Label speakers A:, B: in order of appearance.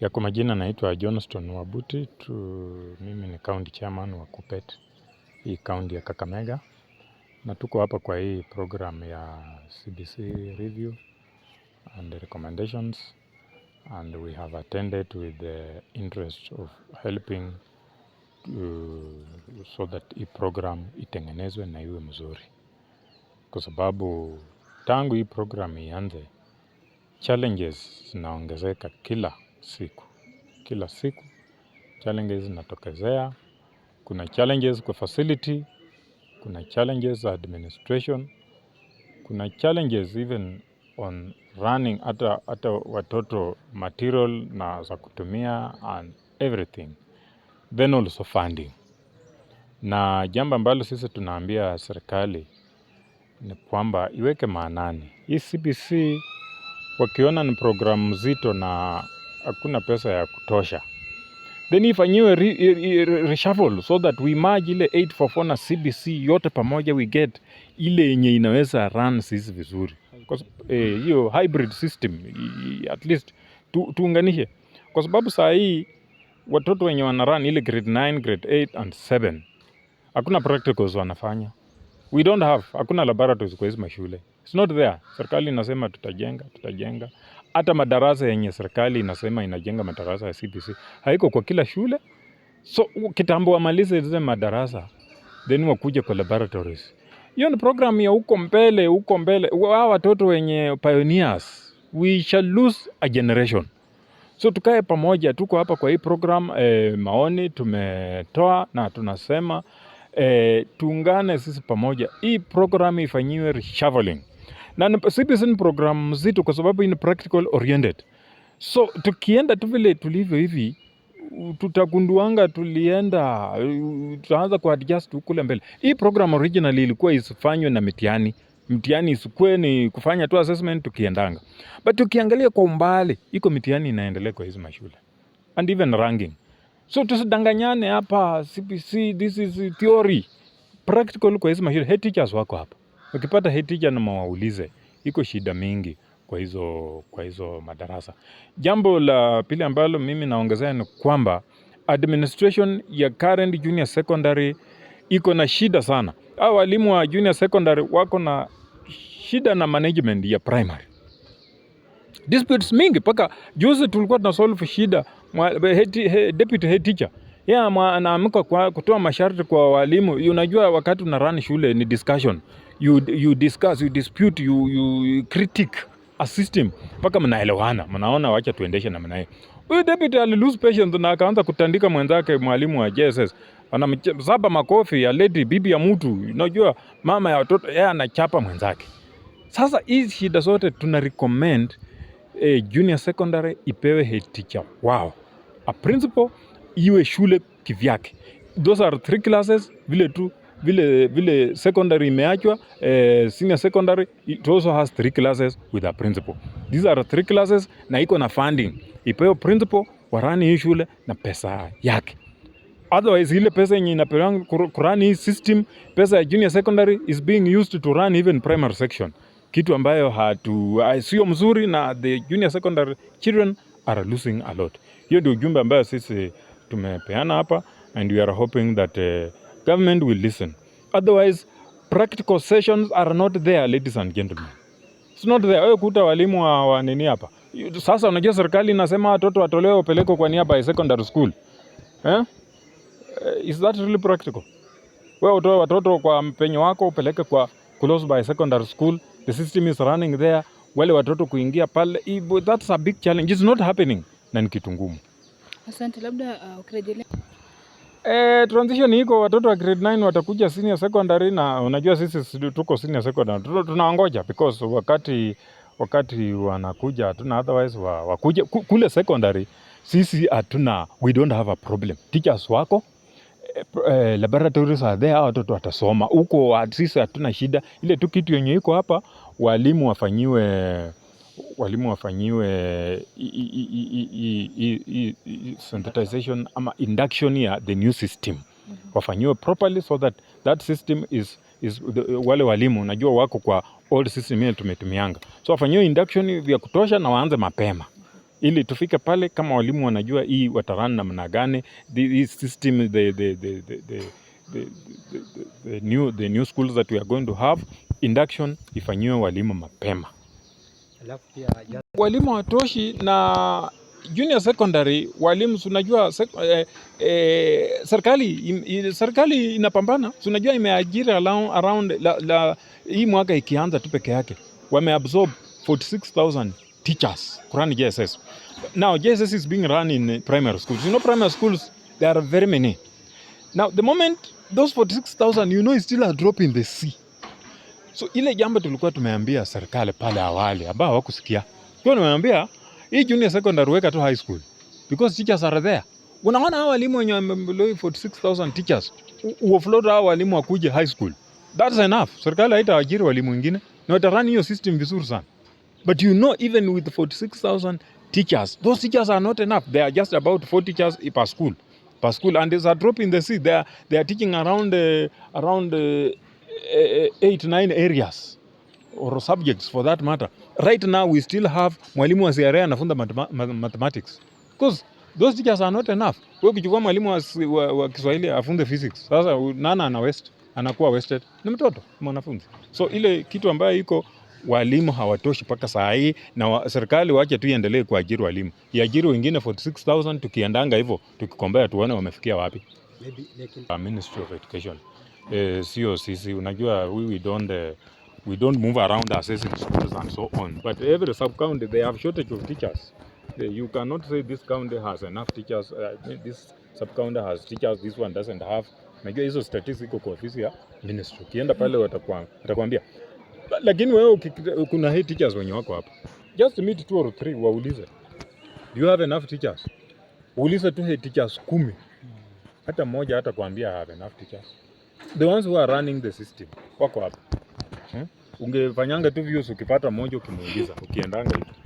A: Ya kwa majina naitwa Johnston Wabuti tu, mimi ni county chairman wa Kupet hii county ya Kakamega, na tuko hapa kwa hii program ya CBC review and recommendations and we have attended with the interest of helping to, so that hii program itengenezwe na iwe mzuri, kwa sababu tangu hii program ianze challenges zinaongezeka kila siku, kila siku challenges zinatokezea. Kuna challenges kwa facility, kuna challenges administration, kuna challenges even on running hata hata watoto material na za kutumia and everything, then also funding. Na jambo ambalo sisi tunaambia serikali ni kwamba iweke maanani hii CBC, wakiona ni programu mzito na hakuna pesa ya kutosha then ifanyiwe reshuffle re, re, so that we merge ile 844 na CBC yote pamoja, we get ile yenye inaweza run sisi vizuri, eh, hiyo eh, hybrid system at least tu, tuunganishe, kwa sababu saa hii watoto wenye wana run ile grade 9, grade 8 and 7 hakuna practicals wanafanya, we don't have, hakuna laboratories kwa hizo mashule, it's not there. Serikali inasema tutajenga, tutajenga hata madarasa yenye serikali inasema inajenga madarasa ya CBC haiko kwa kila shule. So kitambo wamalize zile madarasa, then wakuja kwa laboratories. Hiyo ni program ya huko mbele, huko mbele. Wao watoto wenye pioneers, we shall lose a generation. So tukae pamoja, tuko hapa kwa hii program eh, maoni tumetoa na tunasema eh, tuungane sisi pamoja, hii program ifanyiwe reshuffling na CBC ni program mzito kwa sababu ni practical oriented. So tukienda tu vile tulivyo hivi tutagunduanga tulienda, tutaanza ku adjust kule mbele. Hii program originally ilikuwa isifanywe na mitihani, mtihani isikuwe ni kufanya tu assessment tukiendanga, but tukiangalia kwa umbali, iko mitihani inaendelea kwa hizo mashule and even ranking. So tusidanganyane hapa, CBC this is theory, practical kwa hizo mashule. Hey, teachers wako hapa Wakipata hii teacher na mwaulize, iko shida mingi kwa hizo, kwa hizo madarasa. Jambo la pili ambalo mimi naongezea ni kwamba administration ya current junior secondary iko na shida sana. Hao walimu wa junior secondary wako na shida na management ya primary. Disputes mingi mpaka juzi tulikuwa tunasolve shida deputy head teacher Yeah, naamka kwa kutoa masharti kwa walimu. Unajua wakati una run shule ni discussion. You, you discuss, you dispute, you, you critic a system. Mpaka mnaelewana, mnaona wacha tuendeshe na mnae. Huyu deputy ali lose patience na akaanza kutandika mwenzake mwalimu wa JSS. Anamsaba makofi ya lady bibi ya mtu. Unajua mama ya watoto yeye anachapa mwenzake. Sasa hizi shida zote tuna recommend eh, junior secondary ipewe head teacher. Wow. A principal iwe shule kivyake. Those are three classes vile tu vile vile secondary imeachwa eh, senior secondary it also has three classes with a principal. These are three classes na iko na funding, ipewe principal warani hii shule na pesa yake. Otherwise ile pesa yenye inapewa kurani hii system, pesa ya junior secondary is being used to run even primary section, kitu ambayo hatu ah, sio mzuri, na the junior secondary children are losing a lot. Hiyo ndio ujumbe ambayo sisi tumepeana hapa and we are hoping that uh, government will listen otherwise practical sessions are not there ladies and gentlemen it's not there wewe kuta walimu wa, wa nini hapa sasa unajua serikali inasema watoto watolewe wapelekwe kwa niaba ya secondary school eh? eh is that really practical wewe utoe watoto kwa mpenyo wako upeleke kwa close by secondary school the system is running there wale watoto kuingia pale that's a big challenge it's not happening na ni kitu ngumu
B: Asante, labda uh, ukirejelea
A: E, eh, transition iko watoto wa grade 9 watakuja senior secondary, na unajua sisi tuko senior secondary tunaongoja because wakati wakati wanakuja hatuna otherwise wa, wakuja kule secondary sisi hatuna, we don't have a problem. Teachers wako eh, eh laboratories are there, watoto watasoma huko, sisi hatuna shida. Ile tu kitu yenye iko hapa, walimu wafanyiwe walimu wafanyiwe sensitization ama induction ya the new system mhm. wafanyiwe properly so that that system is, is the, wale walimu najua wako kwa old system ile tumetumianga, so wafanyiwe induction vya kutosha na waanze mapema ili tufike pale, kama walimu wanajua hii watarani namna gani this system the, the, the, the, the, the, the, the, new, the new schools that we are going to have induction ifanyiwe walimu mapema. Walimu hatoshi na junior secondary walimu unajua sek, eh, eh, serikali in, serikali inapambana unajua imeajiri around la, la, hii mwaka ikianza tu peke yake wameabsorb 46000 teachers kurani JSS now JSS is being run in primary schools you know primary schools there are very many now the moment those 46000 you know is still a drop in the sea So ile jambo tulikuwa tumeambia serikali pale awali ambao hawakusikia. Kwa nini nimeambia hii junior secondary weka tu high school because teachers are there. Unaona hao walimu wenye employ 46000 teachers Uofload hao walimu wakuje high school. That's enough. Serikali haitaajiri walimu wengine na watarani hiyo system vizuri sana. But you know even with 46000 teachers, those teachers are not enough. They are just about 40 teachers per school. Per school and there's a drop in the sea. They are, they are teaching around uh, around uh, eight nine areas or subjects for that matter right now we still have mwalimu wa CRA anafunza mathematics because those teachers are not enough. Wewe ukichukua mwalimu wa, wa, wa Kiswahili afunze physics, sasa nana ana waste, anakuwa wasted ni mtoto mwanafunzi. So ile kitu ambayo iko walimu hawatoshi mpaka saa hii, na wa, serikali wache tu iendelee kuajiri walimu, iajiri wengine 46000 tukiendanga hivyo tukikombea tuone wamefikia wapi. Maybe, like in... Uh, Ministry of Education eh, sio sisi. Unajua we, we don't uh, we don't move around ourselves in schools and so on but every sub county they have shortage of teachers eh, you cannot say this county has enough teachers uh, this sub county has teachers this one doesn't have unajua hizo statistics kwa ofisi ya ministry ukienda pale watakwambia lakini wewe kuna hii teachers wenye wako hapa just meet two or three waulize do you have enough teachers uulize tu hii teachers kumi hata mmoja hata kuambia have enough teachers the ones who are running the system wako hapa hmm? Ungefanyanga tu views ukipata moja ukimuingiza ukiendanga hivi